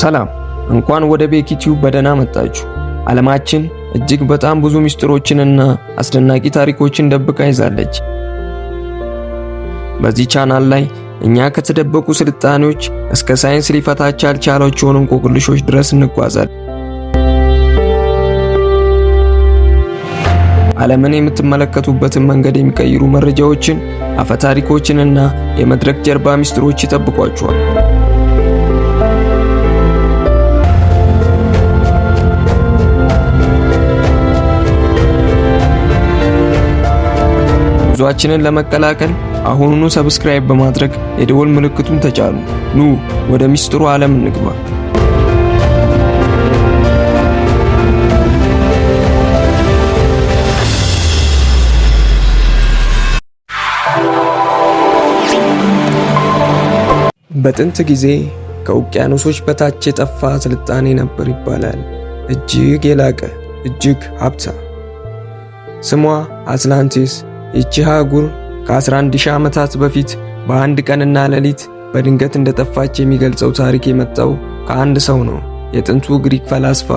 ሰላም፣ እንኳን ወደ ቤኪ ቲዩብ በደህና መጣችሁ። ዓለማችን እጅግ በጣም ብዙ ምስጢሮችንና አስደናቂ ታሪኮችን ደብቃ ይዛለች። በዚህ ቻናል ላይ እኛ ከተደበቁ ስልጣኔዎች እስከ ሳይንስ ሊፈታቸው ያልቻላቸውን እንቆቅልሾች ድረስ እንጓዛለን። ዓለምን የምትመለከቱበትን መንገድ የሚቀይሩ መረጃዎችን፣ አፈታሪኮችንና የመድረክ ጀርባ ምስጢሮች ይጠብቋችኋል። ጉዟችንን ለመቀላቀል አሁኑኑ ሰብስክራይብ በማድረግ የደወል ምልክቱን ተጫኑ። ኑ ወደ ሚስጥሩ ዓለም እንግባ። በጥንት ጊዜ ከውቅያኖሶች በታች የጠፋ ስልጣኔ ነበር ይባላል። እጅግ የላቀ እጅግ ሀብታ ስሟ አትላንቲስ ይቺ አህጉር ከ11 ሺህ ዓመታት በፊት በአንድ ቀንና ሌሊት በድንገት እንደጠፋች የሚገልጸው ታሪክ የመጣው ከአንድ ሰው ነው፣ የጥንቱ ግሪክ ፈላስፋ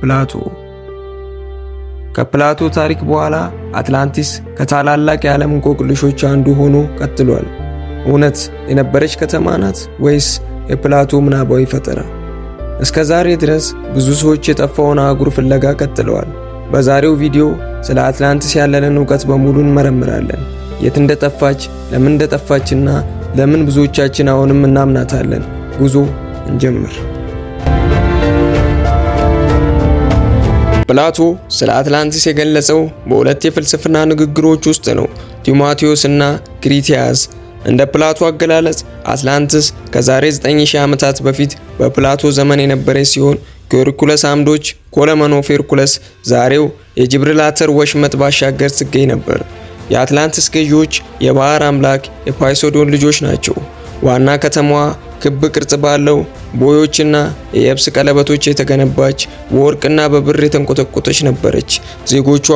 ፕላቶ። ከፕላቶ ታሪክ በኋላ አትላንቲስ ከታላላቅ የዓለም እንቆቅልሾች አንዱ ሆኖ ቀጥሏል። እውነት የነበረች ከተማ ናት ወይስ የፕላቶ ምናባዊ ፈጠራ? እስከ ዛሬ ድረስ ብዙ ሰዎች የጠፋውን አህጉር ፍለጋ ቀጥለዋል። በዛሬው ቪዲዮ ስለ አትላንቲስ ያለንን እውቀት በሙሉ እንመረምራለን። የት እንደጠፋች፣ ለምን እንደጠፋችና ለምን ብዙዎቻችን አሁንም እናምናታለን። ጉዞ እንጀምር። ፕላቶ ስለ አትላንቲስ የገለጸው በሁለት የፍልስፍና ንግግሮች ውስጥ ነው፣ ቲሞቴዎስ እና ክሪቲያስ። እንደ ፕላቶ አገላለጽ አትላንቲስ ከዛሬ 9000 ዓመታት በፊት በፕላቶ ዘመን የነበረች ሲሆን ከሄርኩለስ አምዶች ኮለመን ሄርኩለስ ዛሬው የጅብሪላተር ወሽመጥ ባሻገር ትገኝ ነበር። የአትላንቲስ ገዢዎች የባህር አምላክ የፓይሶዶን ልጆች ናቸው። ዋና ከተማዋ ክብ ቅርጽ ባለው ቦዮችና የየብስ ቀለበቶች የተገነባች በወርቅና በብር የተንቆጠቆጠች ነበረች። ዜጎቿ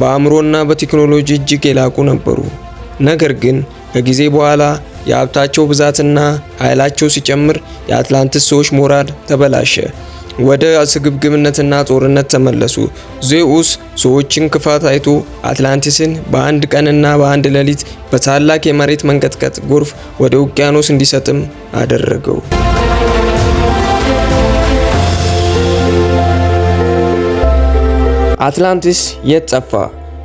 በአእምሮና በቴክኖሎጂ እጅግ የላቁ ነበሩ። ነገር ግን ከጊዜ በኋላ የሀብታቸው ብዛትና ኃይላቸው ሲጨምር የአትላንቲስ ሰዎች ሞራል ተበላሸ። ወደ ስግብግብነትና ጦርነት ተመለሱ። ዜኡስ ሰዎችን ክፋት አይቶ አትላንቲስን በአንድ ቀንና በአንድ ሌሊት በታላቅ የመሬት መንቀጥቀጥ ጎርፍ ወደ ውቅያኖስ እንዲሰጥም አደረገው። አትላንቲስ የት ጠፋ?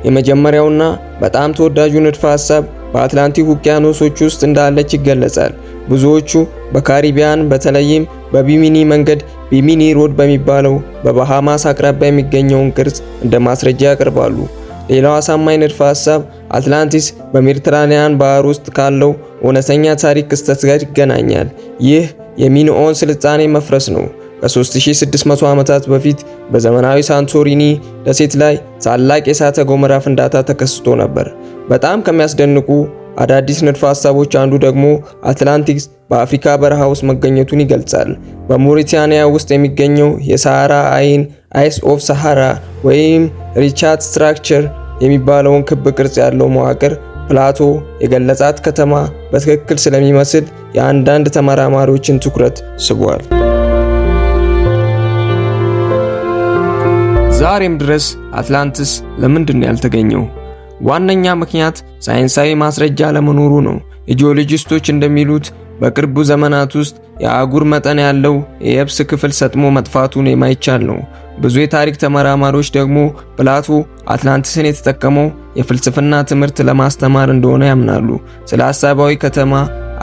የመጀመሪያውና በጣም ተወዳጁ ንድፈ ሐሳብ በአትላንቲክ ውቅያኖሶች ውስጥ እንዳለች ይገለጻል። ብዙዎቹ በካሪቢያን በተለይም በቢሚኒ መንገድ ቢሚኒ ሮድ በሚባለው በባሃማስ አቅራቢያ የሚገኘውን ቅርጽ እንደ ማስረጃ ያቀርባሉ። ሌላው አሳማኝ ንድፈ ሀሳብ አትላንቲስ በሜዲትራኒያን ባህር ውስጥ ካለው እውነተኛ ታሪክ ክስተት ጋር ይገናኛል። ይህ የሚኒኦን ስልጣኔ መፍረስ ነው። ከ3600 ዓመታት በፊት በዘመናዊ ሳንቶሪኒ ደሴት ላይ ታላቅ የእሳተ ገሞራ ፍንዳታ ተከስቶ ነበር። በጣም ከሚያስደንቁ አዳዲስ ንድፈ ሀሳቦች አንዱ ደግሞ አትላንቲክስ በአፍሪካ በረሃ ውስጥ መገኘቱን ይገልጻል። በሞሪታኒያ ውስጥ የሚገኘው የሳሃራ አይን አይስ ኦፍ ሳሃራ ወይም ሪቻርድ ስትራክቸር የሚባለውን ክብ ቅርጽ ያለው መዋቅር ፕላቶ የገለጻት ከተማ በትክክል ስለሚመስል የአንዳንድ ተመራማሪዎችን ትኩረት ስቧል። ዛሬም ድረስ አትላንቲስ ለምንድን ነው ያልተገኘው? ዋነኛ ምክንያት ሳይንሳዊ ማስረጃ ለመኖሩ ነው። የጂኦሎጂስቶች እንደሚሉት በቅርቡ ዘመናት ውስጥ የአህጉር መጠን ያለው የየብስ ክፍል ሰጥሞ መጥፋቱን የማይቻል ነው። ብዙ የታሪክ ተመራማሪዎች ደግሞ ፕላቶ አትላንቲስን የተጠቀመው የፍልስፍና ትምህርት ለማስተማር እንደሆነ ያምናሉ። ስለ ሀሳባዊ ከተማ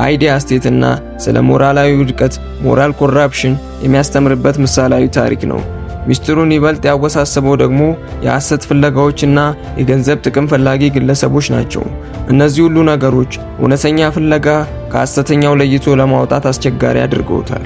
አይዲያ ስቴት እና ስለ ሞራላዊ ውድቀት ሞራል ኮራፕሽን የሚያስተምርበት ምሳሌያዊ ታሪክ ነው። ሚስጥሩን ይበልጥ ያወሳሰበው ደግሞ የሐሰት ፍለጋዎችና የገንዘብ ጥቅም ፈላጊ ግለሰቦች ናቸው። እነዚህ ሁሉ ነገሮች እውነተኛ ፍለጋ ከሐሰተኛው ለይቶ ለማውጣት አስቸጋሪ አድርገውታል።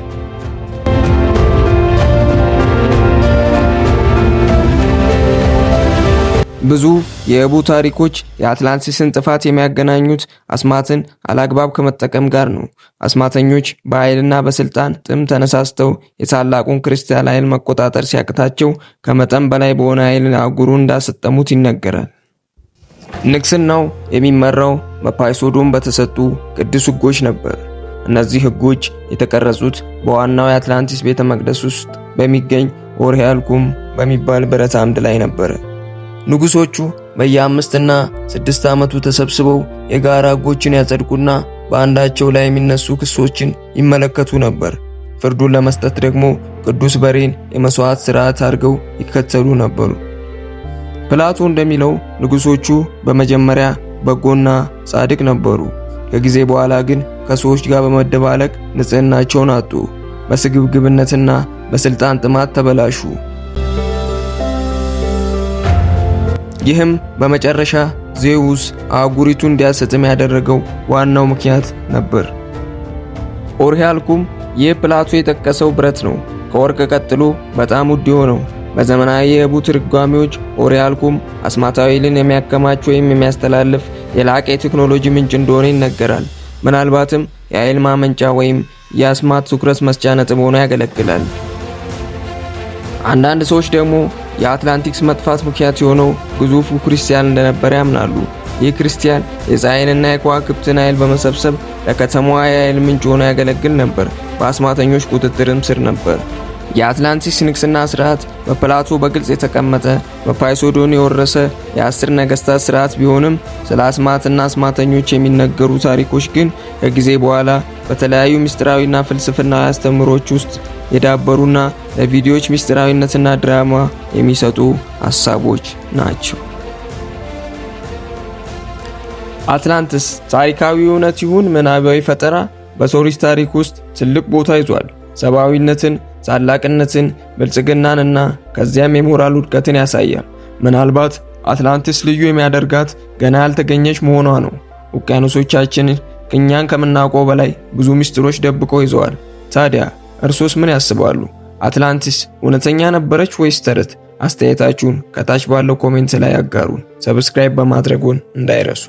ብዙ የእቡ ታሪኮች የአትላንቲስን ጥፋት የሚያገናኙት አስማትን አላግባብ ከመጠቀም ጋር ነው። አስማተኞች በኃይልና በስልጣን ጥም ተነሳስተው የታላቁን ክርስቲያን ኃይል መቆጣጠር ሲያቅታቸው ከመጠን በላይ በሆነ ኃይል አህጉሩ እንዳሰጠሙት ይነገራል። ንግስናው የሚመራው በፓይሶዶም በተሰጡ ቅዱስ ሕጎች ነበር። እነዚህ ህጎች የተቀረጹት በዋናው የአትላንቲስ ቤተ መቅደስ ውስጥ በሚገኝ ኦርያልኩም በሚባል ብረት አምድ ላይ ነበር። ንጉሶቹ በየአምስትና ስድስት ዓመቱ ተሰብስበው የጋራ ሕጎችን ያጸድቁና በአንዳቸው ላይ የሚነሱ ክሶችን ይመለከቱ ነበር። ፍርዱን ለመስጠት ደግሞ ቅዱስ በሬን የመሥዋዕት ሥርዓት አድርገው ይከተሉ ነበሩ። ፕላቶ እንደሚለው ንጉሶቹ በመጀመሪያ በጎና ጻድቅ ነበሩ። ከጊዜ በኋላ ግን ከሰዎች ጋር በመደባለቅ ንጽሕናቸውን አጡ። በስግብግብነትና በስልጣን ጥማት ተበላሹ። ይህም በመጨረሻ ዜውስ አህጉሪቱ እንዲያሰጥም ያደረገው ዋናው ምክንያት ነበር። ኦርሂያልኩም ይህ ፕላቶ የጠቀሰው ብረት ነው፣ ከወርቅ ቀጥሎ በጣም ውድ የሆነው። በዘመናዊ የህቡ ትርጓሜዎች ኦርሂያልኩም አስማታዊ ኃይልን የሚያከማች ወይም የሚያስተላልፍ የላቀ የቴክኖሎጂ ምንጭ እንደሆነ ይነገራል። ምናልባትም የኃይል ማመንጫ ወይም የአስማት ትኩረት መስጫ ነጥብ ሆኖ ያገለግላል። አንዳንድ ሰዎች ደግሞ የአትላንቲክስ መጥፋት ምክንያት የሆነው ግዙፉ ክርስቲያን እንደነበረ ያምናሉ። ይህ ክርስቲያን የፀሐይንና የከዋክብትን ኃይል በመሰብሰብ ለከተማዋ የኃይል ምንጭ ሆኖ ያገለግል ነበር። በአስማተኞች ቁጥጥርም ስር ነበር። የአትላንቲክስ ንግስና ስርዓት በፕላቶ በግልጽ የተቀመጠ በፓይሶዶን የወረሰ የአስር ነገስታት ስርዓት ቢሆንም ስለ አስማትና አስማተኞች የሚነገሩ ታሪኮች ግን ከጊዜ በኋላ በተለያዩ ምስጢራዊና ፍልስፍናዊ አስተምሮች ውስጥ የዳበሩና ለቪዲዮዎች ምስጢራዊነትና ድራማ የሚሰጡ ሀሳቦች ናቸው። አትላንትስ ታሪካዊ እውነት ይሁን ምናባዊ ፈጠራ በሰው ልጅ ታሪክ ውስጥ ትልቅ ቦታ ይዟል። ሰብአዊነትን፣ ታላቅነትን፣ ብልጽግናንና ከዚያም የሞራል ውድቀትን ያሳያል። ምናልባት አትላንቲስ ልዩ የሚያደርጋት ገና ያልተገኘች መሆኗ ነው። ውቅያኖሶቻችን እኛን ከምናውቀው በላይ ብዙ ምስጢሮች ደብቀው ይዘዋል። ታዲያ እርሶስ ምን ያስባሉ? አትላንቲስ እውነተኛ ነበረች ወይስ ተረት? አስተያየታችሁን ከታች ባለው ኮሜንት ላይ አጋሩ ሰብስክራይብ በማድረጉን እንዳይረሱ።